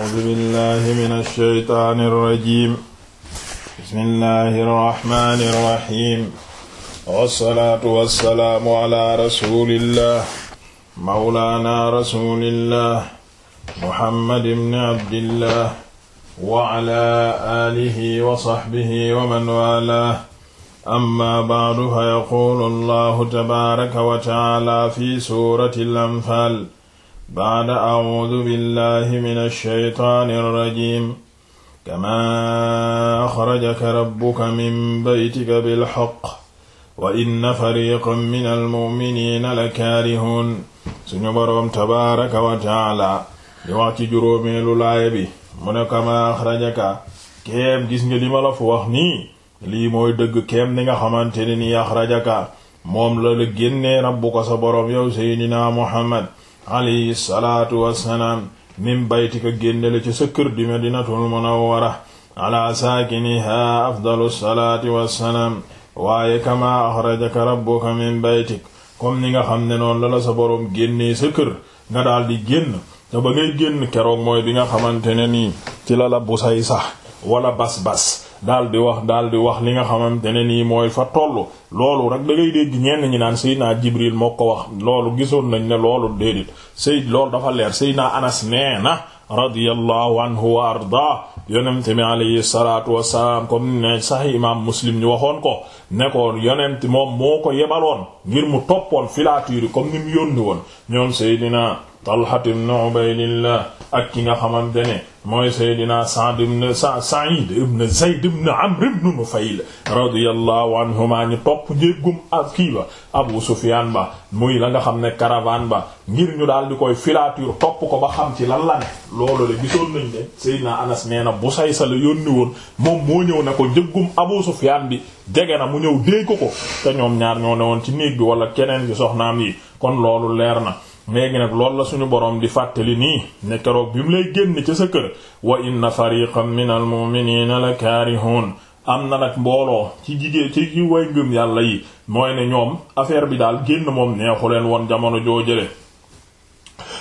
a'uuzu billaahi mina shaytaani rajiim bismillaahi rahmaani rahiim wassalaatu wassalaamu alaa rasuulillaah mawlaanaa rasuulillaah muhammad ibn abdillaah wa alaa aalihi wa sahbihi wa man waalaah amma ba'du fa yaquulu allaahu tabaaraka wa ta'aalaa fi suurati al-anfaal baada acuudu billahi min alsheytaani alrajim kama axrajaka rabbuka min baytika bilxaq wa inna fariqan min almuminina la kaarihuun suñu boroom tabaaraka wa taala di wax ci juróomeelu laaya bi mu ne kama axrajaka keem gis nga li ma la fu wax nii lii mooy dëgg keem ni nga xamante ne nii axrajaka moom la la génnee rabbuka sa boroom yow seydinaa muhammad alayhi salaatu wassalaam min baytika génnele ci sa kër di madinatul munawwara ala saakiniha afdalu salaati wassalaam waaye kama axrajaka rabbuka min baytik comme ni nga xam ne noonu la la sa boroom génnee sa kër nga daal di génn te ba ngay génn keroog mooy bi nga xamante ne nii ci la la busay sax wala bas-bas daal di wax daal di wax li nga xamante ne nii mooy fa toll loolu rek da ngay dégg ñenn ñi naan naa Jibril moo ko wax loolu gisoon nañ ne loolu déedéet Seyd loolu dafa leer sey naa Anas nee na radiyallahu anhu wa arda yonent mi alayhi salaatu wasalaam comme ne sax imaam muslim ñu waxoon ko ne ko yonent moom moo ko yebaloon ngir mu toppoon filature yi comme ni mu yónni woon ñoom Seydina Talhat ibn Ubaydillah ak ki nga xamante ne mooy Seydina Sa'd ibn Sa'id ibn Zayd ibn Amr ibn Nufayl radiyallahu anhuma ñu topp njéggum ak kii ba Abu Sufyan ba muy la nga xam ne caravane ba ngir ñu daal di koy filature topp ko ba xam ci lan la ne loolu la gisoon nañ ne Seydina Anas nee na bu say sa la yónni woon moom moo ñëw ne ko njëggum Abu Sufyan bi jege na mu ñëw déy ko ko te ñoom ñaar ñoo ne woon ci néeg bi wala keneen bi soxnaam yi kon loolu leer na léegi nag loolu la suñu boroom di fàttali nii ne keroog bi mu lay génn ca sa kër wa inna fariqan minal mu'minina lakaarihun am na nag mbooloo ci jigéen ci ci way ngëm yàlla yi mooy ne ñoom affaire bi daal génn moom neexu leen woon jamono joo jële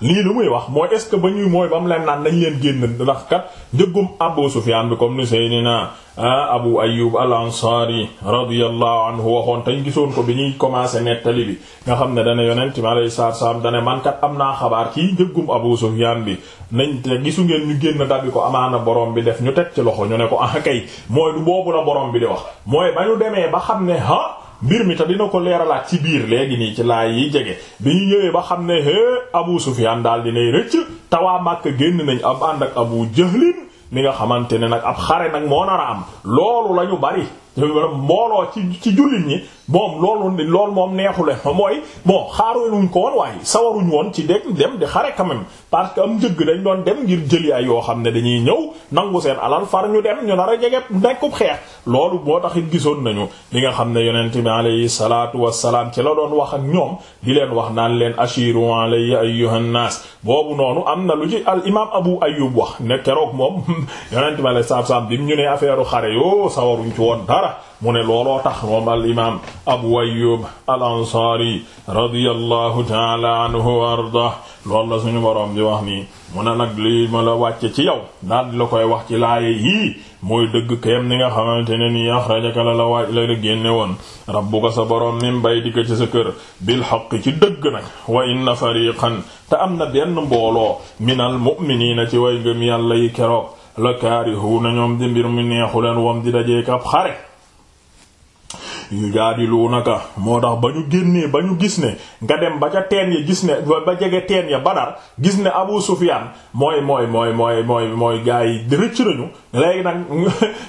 lii lu muy wax mooy est ce que ba ñuy mooy ba mu leen naan nañ leen génn ndax kat njëggum Abu Sufyaan bi comme ni Seydina ah, Abu Ayyub al-Ansari radiyallahu anhu waxoon tañ gisoon ko bi ñuy commencé nettali bi nga xam ne dana yonent mi alayhi salaatu dana man kat am naa xabaar kii njëggum Abu Sufyaan bi nañ te gisu ngeen ñu génn dabi ko amaana borom bi def ñu teg ci loxo ñu ne ko ah kay mooy du boobu la borom bi di wax mooy ba ñu demee ba xam ne ha mbir mi te dina ko leeralaat ci biir léegi nii ci laay yi jege bi ñu ñëwee ba xam ne hé Abu Sufyaan daal dinay rëcc tawaa Makka génn nañ ab ànd ak Abu Jahlin mi nga xamante ne nag ab xare nag moo nar a am loolu lañu bari mbooloo ci ci jullit ñi moom loolu loolu moom neexule mooy bon xaaronuñ ko woon waaye sawaruñ woon ci dégg dem di xare quand même parce que am njëgg dañ doon dem ngir jëli ay yoo xam ne dañuy ñëw nangu seen alal far ñu dem ñu nar a xeex loolu moo tax it gisoon nañu li nga xam ne yonent bi alayhi salaatu wassalaam ci la doon wax ak ñoom di leen wax naan leen ashiru alayya ayyuhan nas boobu noonu am na lu ci al imam abu ayyub wax ne keroog moom yonent bi alayhi salaatu wassalaam bi mu ñu ne affaire xare yo sawaruñ ci woon dara mu ne looloo tax moom al imaam Abu Ayyub al ansaari radiyallahu taala anhu wa ardah loolu la suñu boroom di wax nii mu ne nag lii ma la wàcce ci yow daal di la koy wax ci laaye yii mooy dëgg keem ni nga xamante ne nii axrajaka la la waaj la la génne woon rabbuka sa boroom nim bay dikka ci sa kër bil xaq ci dëgg nag wa inna fariqan te am na benn mbooloo minal mu'miniina ci way ngëm yàlla yi keroog la kaarihuuna ñoom di mbir mi neexu leen wam di dajeek ab xare yujaadiluunaka moo tax ba ñu génnee ba ñu gis ne nga dem ba ca teen ya gis ne ba jege teen ya Badar gis ne Abu Sufyaan mooy mooy mooy mooy mooy mooy gaa yi rëcc nañu léegi nag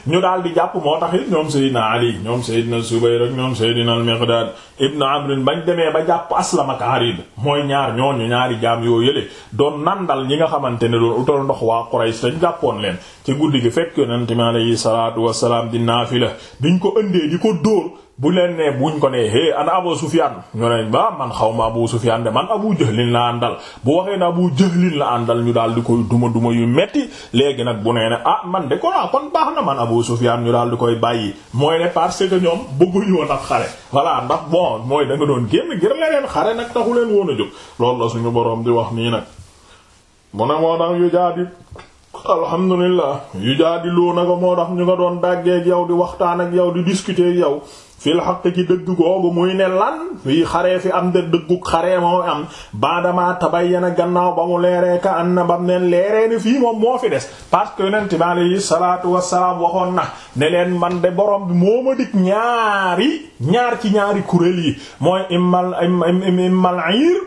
ñu daal di jàpp moo tax it ñoom Seydina Ali ñoom Seydina Subayr ak ñoom Seydina al-Miqdaad ibn Amr bañ demee ba jàpp aslamak arid mooy ñaar ñooñu ñaari jaam yoo yële doon nandal ñi nga xamante ne doon utal ndox waa Quraysh dañ jàppoon leen ci guddi gi fekk yonent mi alayhi salaatu wassalaam di naafila biñ ko ëndee di ko dóor bu leen ne buñ ko nee hé ana Abu Sufyan ñu ne ba man xaw ma Abu Sufyan de man Abu Jahlin la àndal bu waxee ne Abu Jahlin la àndal ñu daal di koy duma duma yu metti léegi nag bu nee ne ah man de kon ah, kon baax na man Abu Sufyan ñu daal di koy bàyyi mooy ne parce que ñoom bëgguñu woon ab xare voilà ndax boo mooy da doon génn ngir leen xare nag taxu leen woon a jóg loolu la suñu boroom di wax nii nag mu ne moo tax yu jaadib alhamdulillah yu jaadiluunaka moo tax ñu nga doon dàggeeg yow di waxtaan ak yow di discuter yow fil xaq ci dëgg googu muy ne lan fii xaree fi am de dëggug xaree moo am baadama tabayyana gannaaw ba mu leeree ka an na bam neen leeree ni fii moom moo fi des parce que yonent bi alayhi salaatu wassalaam waxoon na ne leen man de borom bi moo ma dik ñaari ñaar ci ñaari kuréel yi mooy immal immal ayir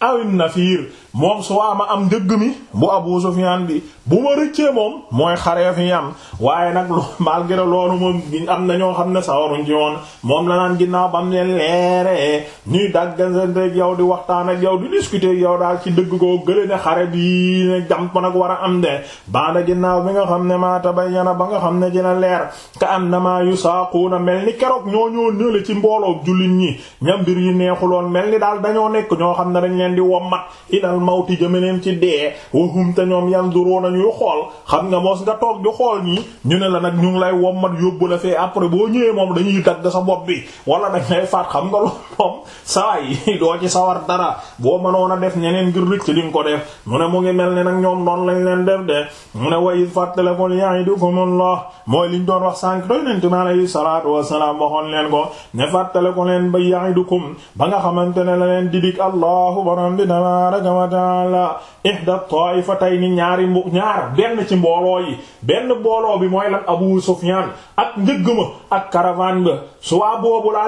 awin nafiir moom su waa ma am njëgg mi bu Abu Sufyan bi bu ma rëccee moom mooy xaree fi am waaye nag malgré loolu moom am na ñoo xam ne sawaruñ ci moom la naan ginnaaw ba am leen leeree ñuy dàggansanteeg yow di waxtaan ak yow di discuter yow daal ci dëgg koo gële ne xare bi ne jam ko nag war a am de baana ginnaaw bi nga xam ne maa tabayyana ba nga xam ne dina leer ka annama yusaquna mel ni keroog ñoo ñoo ci mbooloo jullit ñi ñam mbir yi neexuloon mel ni daal dañoo nekk ñoo xam ne dañ leen di wommat mawti jëmaleen ci dee wahum te ñoom a ñuy xool xam nga mos nga toog di xool ñi ñu ne la nag ñu ngi lay wommat yóbbu la fee après boo ñëwee moom dañuy dagg sa bopp bi wala dañ lay faat xam nga loolu moom sawaay doo ci sawar dara boo mënoon a def ñeneen ngir rëcc li nga ko def mu ne mu ngi mel ne nag ñoom noonu lañ leen def de mu ne way fàttalefol ya'idukumullah mooy ko ne fàttale ko ba nga xamante ne la leen didik allahu borom bi tabaaraka wa ta'ala ihda ta'ifatayni ñaari mbo ñaar benn ci mbooloo yi benn mbooloo bi mooy lan Abu Sufyan ak njëgg ma ak caravane ba suwaa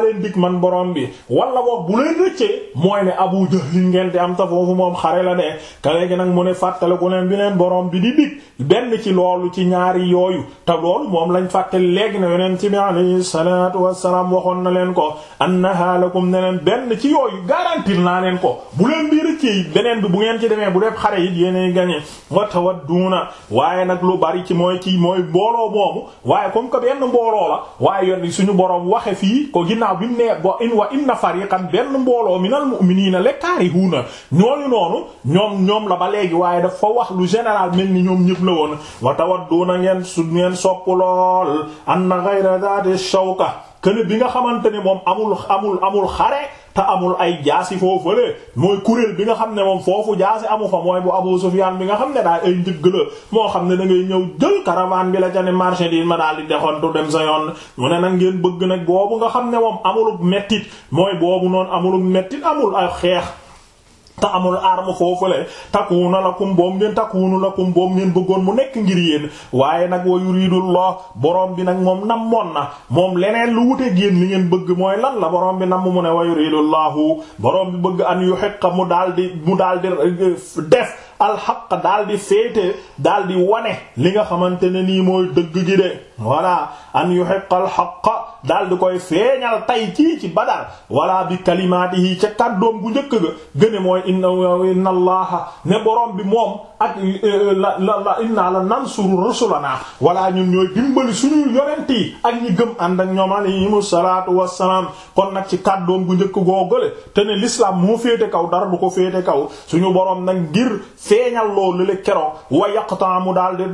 leen dig man borom bi wala bu leen rëccee mooy ne Abu ngeen di am ta foofu moom xare la ne kale gi nag mu ne fàttale ku leen bi leen borom bi di dig benn ci loolu ci ñaari yooyu te loolu moom lañ fàttali léegi ne yonent bi alayhi salaatu wassalaam waxoon na leen ko annaha lakum ne leen benn ci yooyu garantir naa leen ko bu leen bi rëccee beneen bi bu ngeen ci demee bu def xare yi yéenay gañe wa tawadduuna waaye nag lu bari ci mooy ci mooy mbooloo moomu waaye comme que benn mbooloo la waaye yoon suñu borom waxe fii ko ginnaaw bi mu nee ba in wa inna fariqan benn mbooloo minal mu'miniina lakaarihuuna ñooñu noonu ñoom ñoom la ba léegi waaye dafa wax lu général mel ni ñoom ñëpp la woon wa tawadduuna ngeen su ngeen sopp lool anna ghayra dhati shawka këne bi nga xamante ne moom amul amul amul xare te amul ay jaasi foofale mooy kuréel bi nga xam ne moom foofu jaasi amu fa mooy bu Abu Sufyaan bi nga xam ne daal ay njëgg la moo xam ne da ngay ñëw jël caravane bi la ca ne marché ma daal di dexoontu dem sa yoon mu ne nag ngeen bëgg nag boobu nga xam ne moom amulub mettit mooy boobu noonu amulub mettit amul ay xeex te amul arme na la lakum boobu ngeen la lakum boobu ngeen bëggoon mu nekk ngir yéen waaye nag wa yuridullah borom bi nag moom namoon na moom leneen lu wuteeg yéen li ngeen bëgg mooy lan la borom bi nam mu ne wa yuridullahu borom bi bëgg yu yuhiqqa mu daal di mu daal di def alxaq daal di féete daal wane li nga xamante ne nii mooy dëgg gi de. voilà an yuhiqqa al-haqqa daal di koy feeñal tay cii ci badar wala bi kalimaatihi ca kàddoom bu njëkk ga gëne mooy inna inna allaha ne borom bi moom ak e, e, la la la inna la nansuru rusulana wala ñun ñooy dimbali suñuy yonent yi ak ñi gëm ànd ñoom alayhimu salaatu wassalaam kon nag ci kàddoom bu njëkk googale te ne l'islam moo féete kaw dar du ko féete kaw suñu borom nag ngir feeñal loolu le keroog wa yaqta mu daal di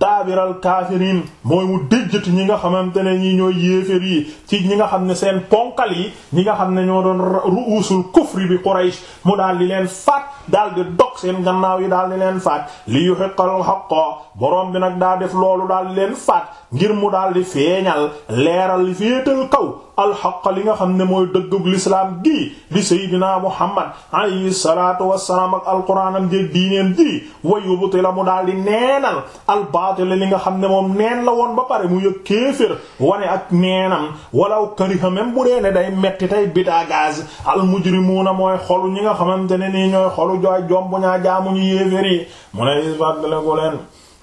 daabiral kaafiriin mooy mu déjjati ñi nga xamante ne ñi ñooy yéefér yi ci ñi nga xam ne seen ponkal yi ñi nga xam ne ñoo doon ruusul kufri bi Quraysh mu daal di leen faat daal di dog seen gannaaw yi daal di leen faat li yuhiqal haqqa borom bi nag daa def loolu daal di leen faat ngir mu daal di feeñal leeral li féetal kaw alxaq li nga xam ne mooy dëggug lislaam gii di saydina muhammad alayhi salaatu wassalaam ak alquraanam jég diineem ji wa yubtila mu daal di neenal albaatila li nga xam ne moom neen la woon ba pare mu yëg kéefér wane ak neenam walaw kariha même bu dee ne day metti tey bida gaz al mujrimuuna mooy xolu ñi nga xamante ne nii ñooy xolu jooy jomb ñaa jaamuñu yéefér yi mu ne isfadle ko leen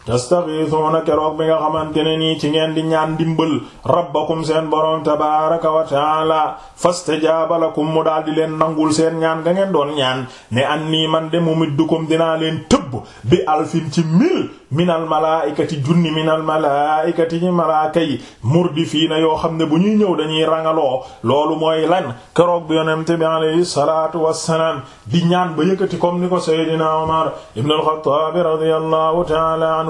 tastaxiisuuna keroog bi nga xamante ne nii ci ngeen di ñaan dimbal rabbakum seen boroom tabaaraka wa taala fastajaaba lakum mu daal di leen nangul seen ñaan nga ngeen doon ñaan ne an nii man de mu middukum dinaa leen tëb bi alfin ci mil minal malaayikati junni minal malaayikati ñi malaaka yi murdifiina yoo xam ne bu ñuy ñëw dañuy rangaloo loolu mooy lan keroog bi yonente bi alayhi salaatu wassalaam di ñaan ba yëkkati comme ni ko Seydina Umar ibn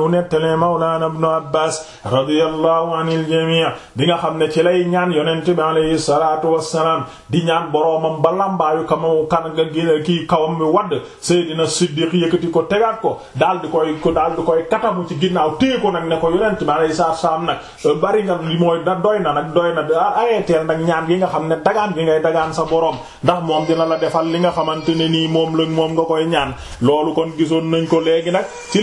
anhu nettalee mawlaana ibnu abbas radiyallahu anil jamii bi nga xam ne ci lay ñaan yonent bi alayhi salaatu wassalaam di ñaan boroomam ba lambaayu kamaw kan nga gén kii kawam mi wadd seydina siddiq yëkkati ko tegaat ko daal di koy ko daal di koy katamu ci ginnaaw téye ko nag ne ko yonent bi alayhi salaatu wassalaam nag euh, bari nga li mooy da doy na nag doy na arrêteel ah, nag ñaan gi nga xam ne dagaan gi ngay dagaan sa borom ndax moom dina la defal li nga xamante ne nii moom la moom nga koy ñaan loolu kon gisoon nañ ko léegi nag ci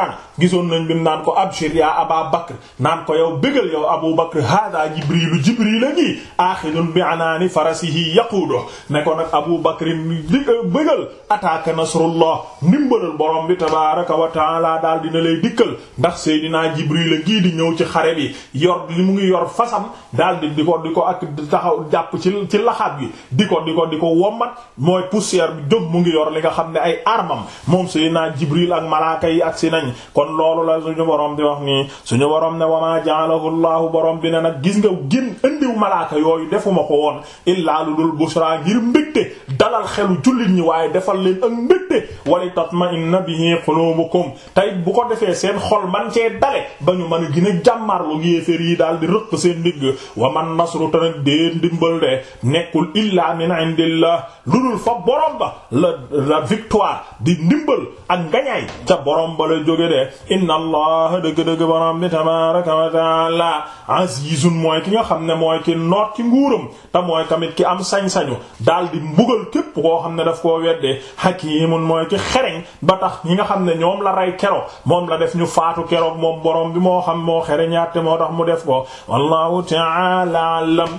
kontaan gisoon nañ bi naan ko abshir ya aba bakr naan ko yow bégal yow abu bakr hada jibrilu jibril a ngi axidun bi anaani farasihi yaquudo ne ko nag abu bakr di eh, bégal ataaka nasrullah ndimbalal borom bi tabaraka wa taala daal dina lay dikkal ndax seydinaa jibril a ngi di ñëw ci xare bi yor li mu ngi yor fasam daal di di ko di ko ak taxaw jàpp ci ci laxaat gi di ko di ko di ko wommat mooy poussière bi jóg mu ngi yor li nga xam ne ay armam moom seydinaa jibril ak malaaka yi ak si nañ kon loolu la suñu borom di wax nii suñu borom ne wama ja'alahu llahu borom bi na nag gis nga gën indiw malaaka yooyu defuma ko woon illaa lu dul bushra ngir mbégte dalal xelu jullit ñi waaye defal leen ak mbégte wali tatma'inna bihi qulubukum tey bu ko defee seen xol man cee dale ba ñu mën a gën a jàmmarlu yi daal di rëq seen ndigg wa man nasru tanag déen dimbal de nekkul illaa min indillah lu dul fa borom ba la la victoire di ndimbal ak ngañaay ca borom ba jóge de inna allah dëgg-dëgg borom bi tabaraka wa taala azizun mooy ki nga xam ne mooy ki noot ci nguuram te mooy tamit ki am sañ-sañu daal di mbugal képp koo xam ne daf koo weddee hakimun mooy ki xereñ ba tax ñi nga xam ne ñoom la rey keroog moom la def ñu faatu keroog moom borom bi moo xam moo xereñaate moo tax mu def ko wallahu ta'ala alam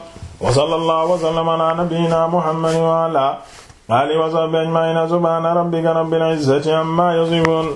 wa sallallahu wa sallama ala nabiyyina muhammad wa ala alihi wa sahbihi ajma'in subhana rabbika rabbil izzati amma yasifun